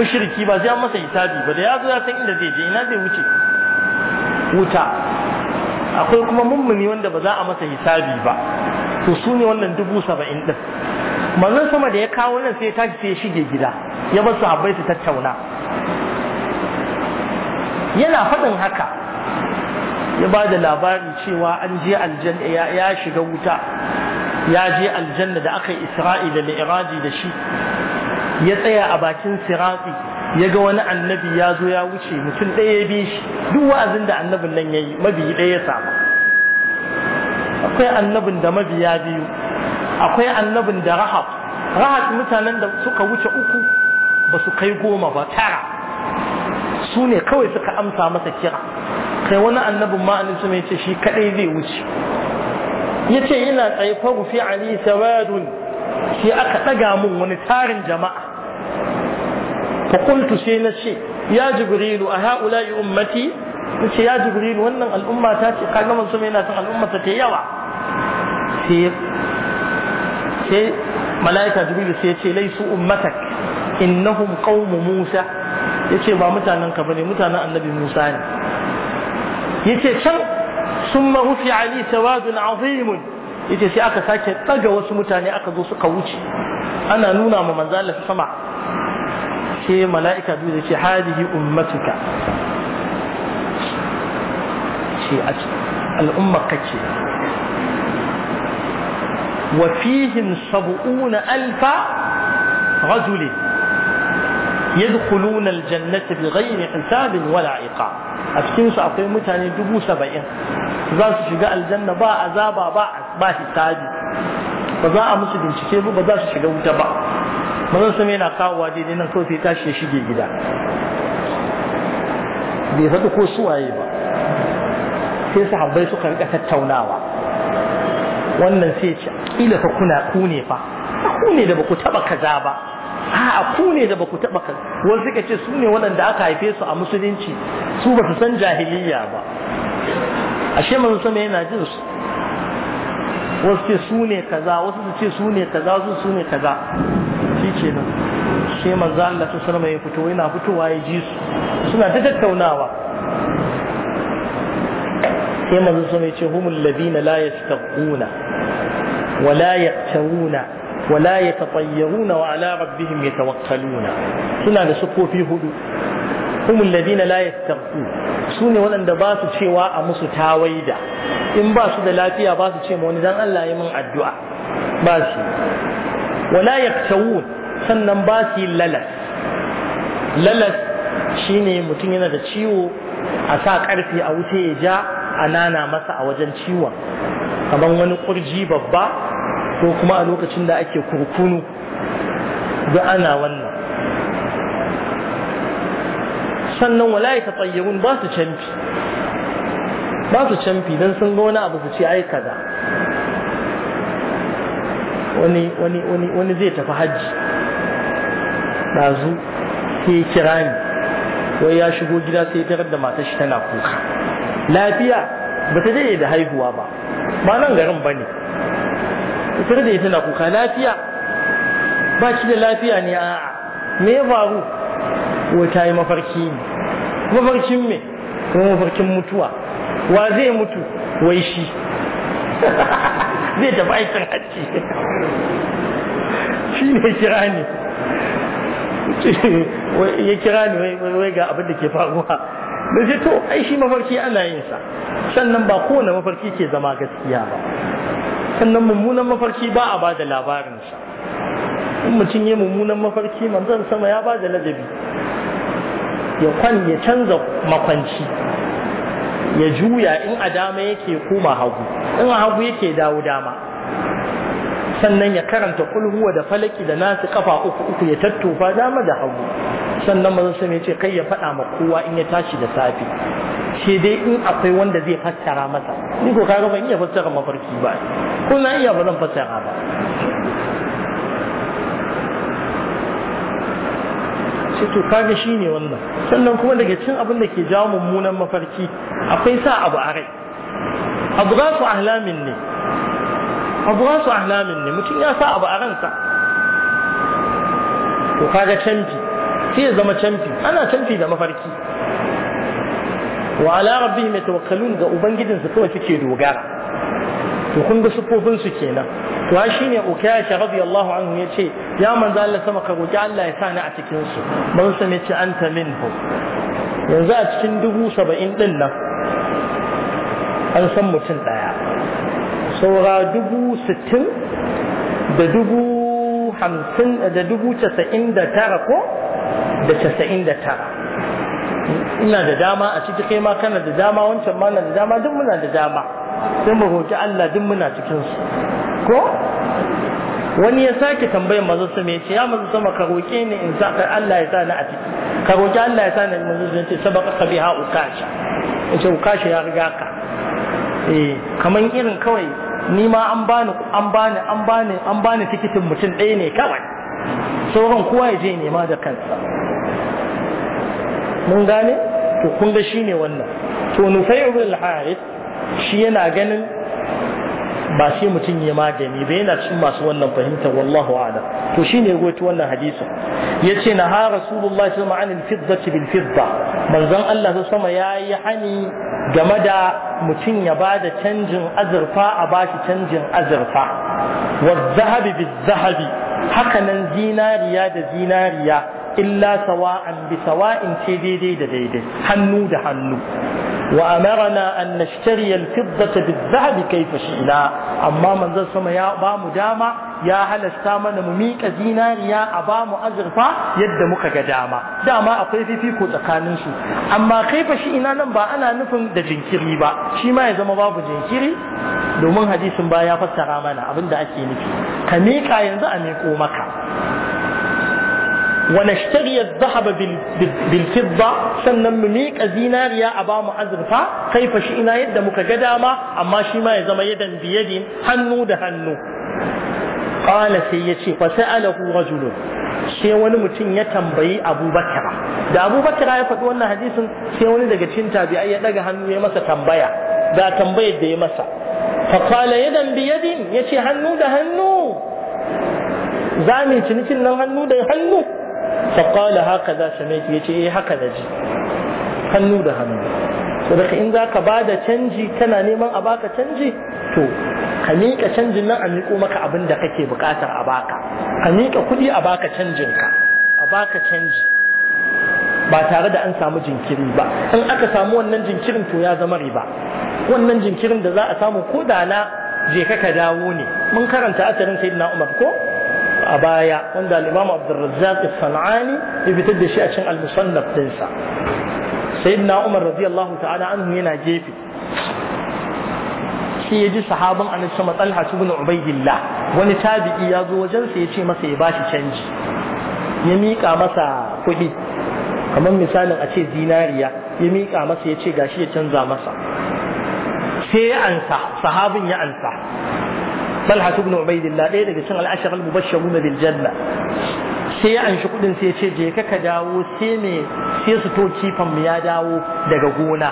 mushriki ba zai masa hisabi ba da ya zo ya san inda zai je ina zai wuce wuta akwai kuma mummuni wanda ba za a masa hisabi ba to su ne wannan dubu saba'in din manzon sama da ya kawo nan sai ya tashi sai ya shige gida ya bar habbai su tattauna yana faɗin haka ya ba da labari cewa an je aljanna ya shiga wuta ya je aljanna da aka isra'i da mi'raji da shi ya tsaya a bakin siratsi ya ga wani annabi ya zo ya wuce mutum ɗaya ya bi shi duk wa'azin da annabin nan ya yi mabiyi ɗaya ya samu akwai annabin da mabiya biyu akwai annabin da rahab rahab mutanen da suka wuce uku ba su kai goma ba tara su ne kawai suka amsa masa kira kai wani annabin ma su mai ce shi kaɗai zai wuce yace yana tsaye fa rufi ali sawadun shi aka ɗaga min wani tarin jama'a فقلت سينا شيء يا جبريل أهؤلاء أمتي قلت يا جبريل وأن الأمة تاتي قال من سمينا الأمة تاتي يوع سيب سيب ملائكة جبريل سيب ليسوا أمتك إنهم قوم موسى yace ba mutanen ka bane mutanen annabi Musa ne yace can summa rufi ali sawadun azim yace sai aka sake daga wasu mutane aka zo suka wuce ana nuna ma manzo sama sai mala'ika biyu da ce hadihi ummatuka ce al'ummar kake wa fihim sab'una alfa rajuli yadkhuluna aljannata bighayri hisab wala iqa a cikin su akwai mutane 70 za su shiga aljanna ba azaba ba ba hisabi ba za a musu bincike ba ba za su shiga wuta ba mai na kawo waje ne nan kawai sai tashi ya shige gida bai faɗi ko suwaye ba sai su sahabbai suka rika tattaunawa wannan sai ce ila fa kuna ku ne fa ku ne da ku taba kaza ba a ku ne da ku taba kaza wani suka ce su ne waɗanda aka haife su a musulunci su ba su san jahiliya ba ashe su mai yana jin su wasu ce su ne kaza wasu su ce su ne kaza wasu su ne kaza kenan sai manzo Allah ta sallama ya fito yana fitowa ya ji su suna ta tattaunawa sai manzo sallama ya ce humul ladina la yastaquna wa la yaktawuna wa la yatatayyaruna wa ala rabbihim yatawakkaluna suna da sukofi hudu humul ladina la yastaqu sune waɗanda ba su cewa a musu tawaida in ba su da lafiya ba su ce ma wani dan Allah ya min addu'a ba su wala yaktawun sannan ba su yi lalas lalas shi ne mutum yana da ciwo a sa karfe a wuce ya ja a nana masa a wajen ciwon kamar wani kurji babba ko kuma a lokacin da ake kurkunu da ana wannan sannan wala ya tsayyarun ba su canfi ba su canfi don sun ga wani abu su ce ai kaza wani zai tafi hajji ɗazu sai kira ni wai ya shigo gida sai ta tarar da matar shi tana kuka lafiya ba ta daɗe da haihuwa ba ba nan garin ba ne ta tarar da tana kuka lafiya ba ki da lafiya ne a'a me ya faru ta yi mafarki ne mafarkin me kuma mafarkin mutuwa wa zai mutu wai shi zai tafi aikin hajji shi ne kira ne ya kira ni wai ga abin da ke faruwa da ce to ai shi mafarki ana yin sa sannan ba kowane mafarki ke zama gaskiya ba sannan mummunan mafarki ba a bada labarin sa in mutum ya mummunan mafarki manzon sama ya bada ladabi ya kwan ya canza makwanci ya juya in a dama yake koma hagu in a hagu yake dawo dama sannan ya karanta kulhuwa da falaki da nasu kafa uku uku ya tattofa dama da hagu sannan mazan ya ce kai ya faɗa ma kowa in ya tashi da safe shi dai in akwai wanda zai fassara masa ni ko kaga ban iya fassara mafarki ba ko na iya ba zan fassara ba shi to kaga shine wannan sannan kuma daga cin abin da ke jawo mummunan mafarki akwai sa abu a rai abu za su ahlamin ne abuwa su ahlamin ne mutum ya sa abu a ransa to kaga canfi sai ya zama canfi ana canfi da mafarki wa ala rabbi mai tawakkalun ga su kawai suke dogara to kun ga sufofin su kenan to ha shine rabbi Allahu anhu ce, ya manzo Allah sama ka roki Allah ya sani a cikin su ban san ce anta minhu yanzu a cikin dubu saba'in din nan an san mutum daya saura dubu sittin da dubu hamsin da dubu casa'in da tara ko da casa'in da tara ina da dama a ciki kai ma kana da dama wancan ma na da dama duk muna da dama sai mu roƙi Allah duk muna cikin su ko wani ya sake tambayar mazo su me ce ya mazo sama ka roke ni in sa Allah ya sa ni a ciki ka roki Allah ya sa ni mazo su ce sabaka ka biha ukasha in ce ukasha ya riga ka eh kaman irin kawai ni ma an bani an bani an bani an bani tikitin mutum ɗaya ne kawai sauran kowa ya je nema da kansa mun gane to kun ga shine wannan to nufai ibn al-harith shi yana ganin ba sai mutum ya magani ba yana cikin masu wannan fahimta wallahu a'lam to shine ya ta wannan Ya yace na ha rasulullahi sallallahu alaihi wasallam anil bil fidda manzon Allah sama yayi hani game da mutum ya bada canjin azurfa a bashi canjin azurfa wa zahabi bil zahabi hakanan zinariya da zinariya illa sawa'an bi sawa'in ce daidai da daidai hannu da hannu وأمرنا أن نشتري الفضة بالذهب كيف شئنا أما من ذا سما يا بام داما يا هل استامن مميك زينار يا أبام أزرفا يد مكا داما داما أقيفي في كو تقاننسو أما كيف شئنا نبا أنا نفن دا جنكري با شما يزم باب جنكري domin hadisin ba ya fassara mana abin da ake nufi ka miƙa yanzu a miƙo maka ونشتري الذهب بالفضة sannan mu miƙa zinariya a ba mu azurfa kai fa shi ina yadda muka ga dama amma shi ma ya zama yadan biyadin hannu da hannu sai ya ce sai wani mutum ya tambayi abubakar da abubakar ya faɗi wannan hadisin sai wani daga cikin tabi'ai ya daga hannu ya masa tambaya ga tambayar da ya masa fa qala yadan biyadin yace hannu da hannu zamin cinikin nan hannu da hannu فقال هكذا سمعت يجي إيه هكذا جي hannu da hannu saboda in za ba da canji tana neman a baka canji to ka miƙa canjin nan a miƙo maka abin da kake buƙatar a baka ka miƙa kuɗi a baka canjinka a baka canji ba tare da an samu jinkiri ba in aka samu wannan jinkirin to ya zama riba wannan jinkirin da za a samu ko da na je ka dawo ne mun karanta asarin na Umar ko a baya wanda al-Imam Abdurrazzaq sanani ya fitar da shi a cikin al-Musannaf dinsa sayyidina Umar radiyallahu ta'ala anhu yana gefe shi ya ji sahaban Annabi sama Talha ibn Ubaydillah wani tabi'i ya zo wajen sa ya ce masa ya bashi canji ya miƙa masa kuɗi kamar misalin a ce zinariya ya miƙa masa ya ce gashi ya canza masa sai ya ansa sahabin ya ansa talha ibn ubaidillah ɗaya daga cikin al'ashar al-mubashshiruna bil janna sai ya anshi kudin sai ya ce je ka dawo sai me sai su to kifan mu ya dawo daga gona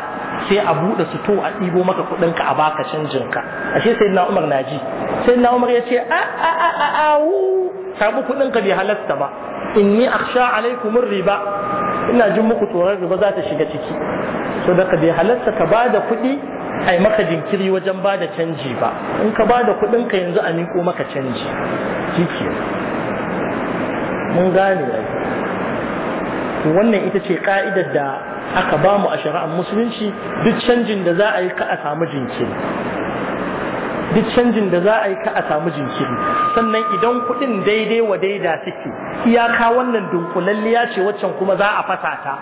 sai a bude su to a ɗibo maka kudin ka a baka canjin ka ashe sai na umar naji sai na umar ya ce a a a a a wu sabu kudin ka bai halatta ba inni akhsha alaikum riba ina jin muku tsoron riba za ta shiga ciki so da ka bai halatta ka bada kuɗi ai maka jinkiri wajen ba da canji ba in ka ba da kuɗinka yanzu a miƙo maka canji shi mun gane wannan ita ce ka'idar da aka ba mu a shari'ar musulunci duk canjin da za a yi ka a samu jinkiri duk canjin da za a yi ka a samu jinkiri sannan idan kuɗin daidai wa daida suke iyaka wannan dunkulalliya ce waccan kuma za a fasa ta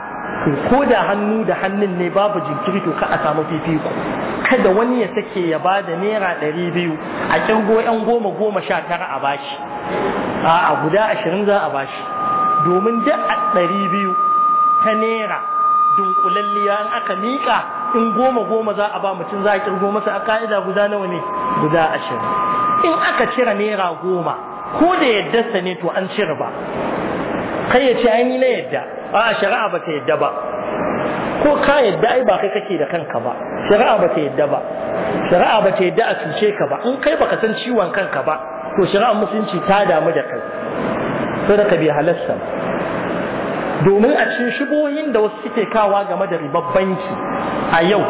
ko da hannu da hannun ne babu jinkiri to ka a samu fifiko kada wani ya sake ya ba da naira ɗari biyu a kirgo yan goma goma sha tara a bashi a guda ashirin za a bashi domin duk a ɗari biyu ta naira dunkulalliya in aka miƙa in goma goma za a ba mutum za a kirgo masa a ka'ida guda nawa ne guda ashirin in aka cire naira goma ko da yadda ne to an cire ba kai ya ce an yi na yadda a shari'a ba ta yadda ba ko ka yadda ai ba kai kake da kanka ba shari'a ba ta yadda ba shari'a ba ta yadda a cuce ka ba in kai baka san ciwon kanka ba to shari'a musulunci ta damu da kai sai da ka bi halasta domin a cikin shigoyin da wasu suke kawa game da ribar banki a yau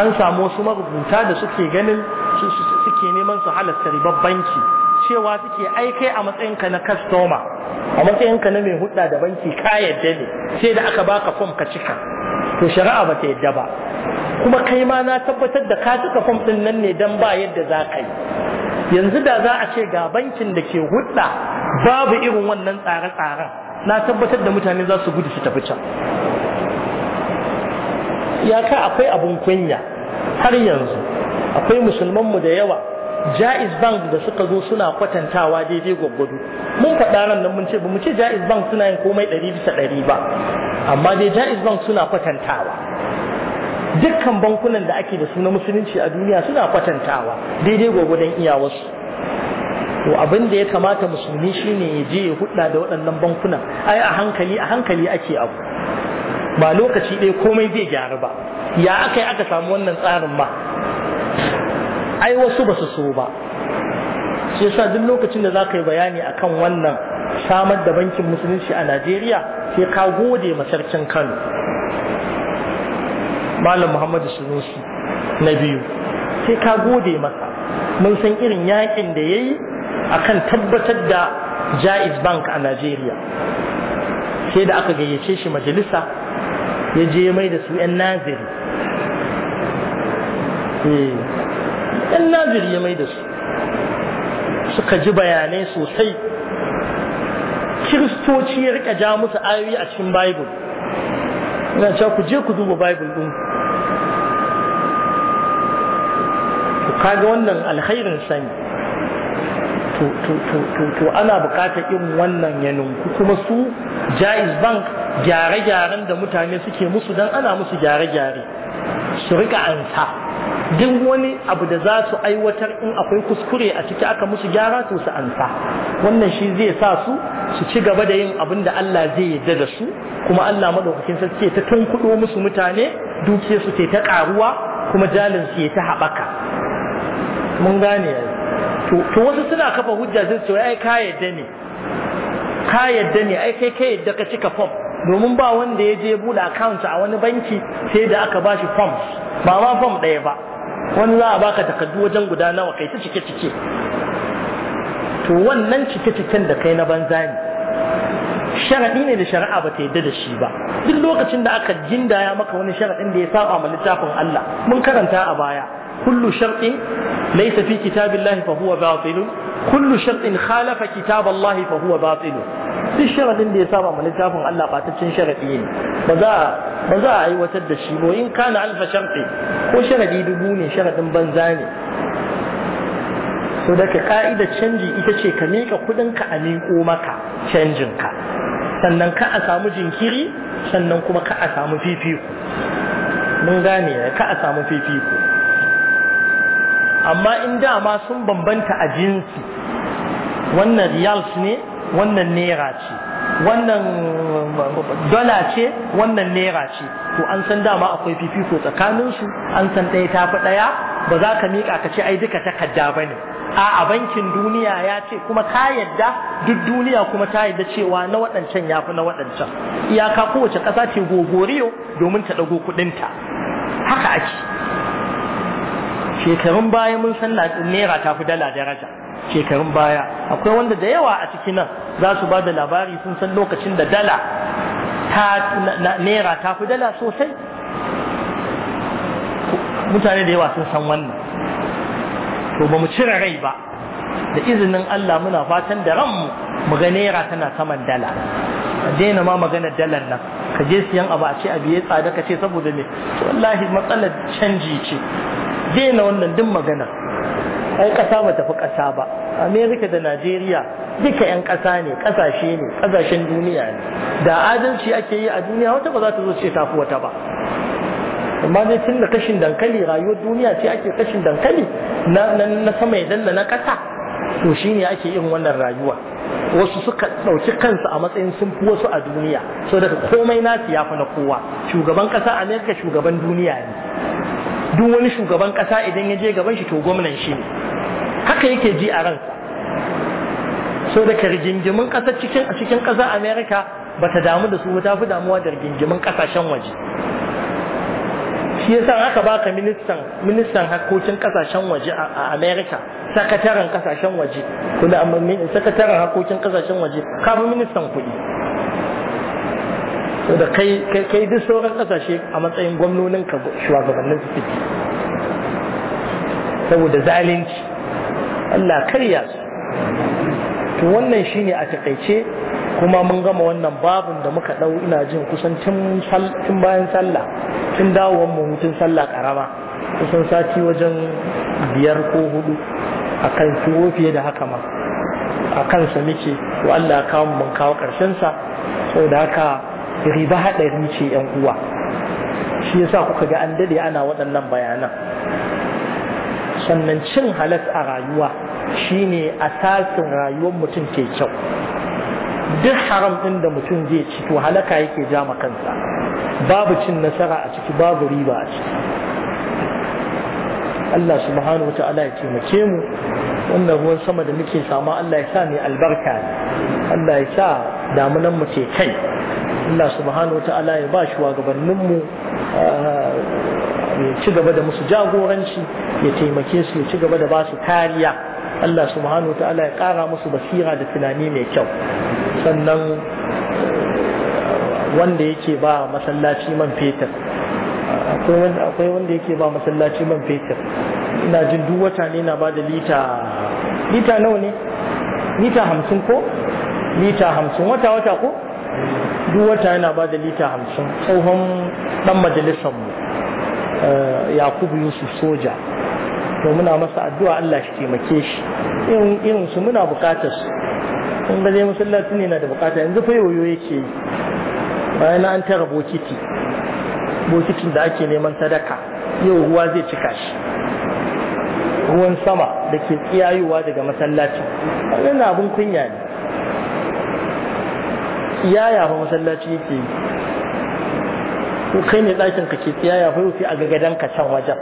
an samu wasu marubuta da suke ganin suke neman su halasta ribar banki cewa suke aikai a matsayinka na customer a matsayinka na mai hudda da banki ka yadda ne sai da aka baka form ka cika to shari'a ba ta yadda ba kuma kai ma na tabbatar da ka cika form din nan ne dan ba yadda za ka yi yanzu da za a ce ga bankin da ke hudda babu irin wannan tsare-tsaren na tabbatar da mutane za su gudu su tafi can ya ka akwai abun kunya har yanzu akwai musulmanmu da yawa jaiz bank da suka zo suna kwatantawa daidai gwaggwado mun faɗa ran nan mun ce ba mu ce jaiz bank suna yin komai ɗari bisa ɗari ba amma dai jaiz bank suna kwatantawa dukkan bankunan da ake da su na musulunci a duniya suna kwatantawa daidai gwaggwadon iyawarsu to abin da ya kamata musulmi shine ya je ya hudda da waɗannan bankunan ai a hankali a hankali ake abu ba lokaci ɗaya komai zai gyaru ba ya aka yi aka samu wannan tsarin ma? ai wasu ba su so ba shi yasa duk lokacin da za ka yi bayani akan wannan samar da bankin musulunci a najeriya sai ka gode ma sarkin kano malam muhammadu sunusi na biyu sai ka gode masa mun san irin yakin da ya yi akan tabbatar da jaiz bank a najeriya sai da aka gayyace shi majalisa ya je mai da su 'yan naziri eh. ɗan nazir ya mai da su suka ji bayanai sosai kiristoci ya rika ja musu ayoyi a cikin bible ina cewa ku je ku duba bible ɗin ku kaga wannan alkhairin sani to ana bukatar irin wannan yanin kuma su jaiz bank gyare-gyaren da mutane suke musu don ana musu gyare-gyare su rika ansa duk wani abu da za su aiwatar in akwai kuskure a ciki aka musu gyara to su ansa wannan shi zai sa su su ci gaba da yin abin da Allah zai yarda da su kuma Allah madaukakin sarki ta tunkudo musu mutane dukiyar su ta karuwa kuma jalin su ta haɓaka mun gane to wasu suna kafa hujja zai ce ai ka yarda ne ka yarda ne ai kai ka yarda ka cika form domin ba wanda ya je bude account a wani banki sai da aka bashi forms ba ma form ɗaya ba wani za a baka takardu wajen guda nawa kai ta cike cike to wannan cike ciken da kai na banza ne sharaɗi ne da shari'a ba ta yadda da shi ba duk lokacin da aka jindaya maka wani sharaɗin da ya saba ma littafin Allah mun karanta a baya kullu sharɗin laysa fi kitabillahi fa huwa batil kullu sharɗin khalafa kitaballahi fa huwa batil duk sharaɗin da ya saba ma littafin Allah ba ta cin sharaɗi ne ba za ba za a aiwatar da shi ba in kana alfa sharti ko sharadi dubu ne sharadin banza ne so daga ka'ida canji ita ce ka miƙa kuɗinka a miƙo maka ka. sannan ka a samu jinkiri sannan kuma ka a samu fifiko mun gane ka a samu fifiko amma in dama sun bambanta a jinsi wannan riyals ne wannan naira ce wannan uh, dola ce wannan naira ce ko an san dama akwai fifiko tsakanin su an san ɗaya ta fi ɗaya ba za ka miƙa ka ce ai duka takarda ba ne a bankin duniya ya ce kuma ka yadda duk duniya kuma ta yadda cewa na waɗancan ya fi na waɗancan iyaka kowace ƙasa ce gogoriyo domin ta ɗago kuɗinta haka ake shekarun baya mun san naira ta fi dala daraja shekarun baya akwai wanda da yawa a cikin nan za su ba da labari sun san lokacin da dala ta naira ta fi dala sosai mutane da yawa sun san wannan to ba mu cire rai ba da izinin Allah muna fatan da ran mu ga naira tana saman dala a daina ma maganar dalar nan ka je siyan abu a ce abu ya tsada ka ce saboda me wallahi matsalar canji ce daina wannan duk maganar ai kasa ba fi kasa ba amerika da najeriya duka 'yan kasa ne kasashe ne kasashen duniya ne da adalci ake yi a duniya wata ba za ta zo ce fi wata ba amma dai tun da kashin dankali rayuwar duniya ce ake kashin dankali na sama ya na kasa to shine ake yin wannan rayuwa wasu suka ɗauki kansu a matsayin sun fi wasu a duniya so daga komai nasu ya fi na kowa shugaban ƙasa amerika shugaban duniya ne duk wani shugaban ƙasa idan ya je gaban shi to gwamnan shi ne haka yake ji a ransa so da ka rigingimin ƙasar cikin a cikin ƙasar america ba ta damu da su ba ta fi damuwa da rigingimin ƙasashen waje shi yasa aka baka ministan ministan hakokin ƙasashen waje a america sakataren ƙasashen waje da amma sakataren hakokin ƙasashen waje ka fi ministan kuɗi da kai kai duk sauran kasashe a matsayin gwamnonin ka shugabannin su saboda zalunci Allah karya su to wannan shine a takaice kuma mun gama wannan babun da muka ɗau ina jin kusan tun bayan sallah tun dawowar mu hutun sallah karama kusan sati wajen biyar ko hudu akan tuwo fiye da haka ma a kansa muke to Allah kawo mun kawo karshen sa saboda haka riba hadari ce yan uwa shi yasa kuka ga an dade ana waɗannan bayanan sannan cin halas a rayuwa shine tasirin rayuwar mutum ke kyau duk haram ɗin da mutum zai ci to halaka yake ja kansa babu cin nasara a ciki babu riba a ciki Allah subhanahu wata'ala ya taimake mu wannan ruwan sama da muke sama Allah ya sa ne albarka ne Allah ya sa damunan mu kai Allah subhanahu wata'ala ya ba shi wa gabaninmu mu ah, ya ci gaba da musu jagoranci ya taimake su ya ci gaba da ba su kariya Allah subhanahu wa ta'ala ya kara musu basira da tunani mai kyau sannan eh, wanda yake ba masallaci man fetur akwai wanda yake ba masallaci man fetur ina jin duk wata ne na ba da lita lita nawa ne lita hamsin ko lita hamsin wata wata ko duk wata yana ba da lita hamsin tsohon dan majalisar mu Eh, yakubu yusuf soja to muna masa addu'a Allah shi taimake shi irin su muna bukatar su in ba zai masallaci ne na da bukata yanzu fa yoyo yake yi bayan an tara bokiti bokitin da ake neman sadaka yau ruwa zai cika shi ruwan sama da ke tsiyayowa daga masallaci wannan abin kunya ne ya ba masallaci yake ko kai ne ɗakin ka ke tsayaya ya sai a ga gadon ka can wajen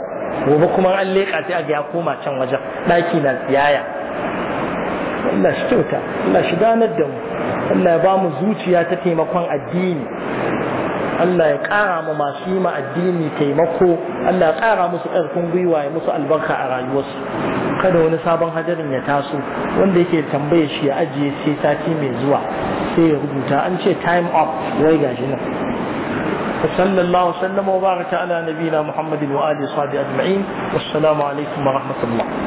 gobe kuma an leƙa sai a ga ya koma can wajen ɗaki na tsiyaya Allah shi kyauta Allah shi ganar da mu Allah ya ba mu zuciya ta taimakon addini Allah ya ƙara mu masu yi ma addini taimako Allah ya ƙara musu ƙarfin gwiwa ya musu albarka a rayuwarsu kada wani sabon hadarin ya taso wanda yake tambaye shi ya ajiye sai sati mai zuwa sai ya rubuta an ce time up wai gashi nan فصلى الله وسلم وبارك على نبينا محمد وآله وصحبه أجمعين والسلام عليكم ورحمة الله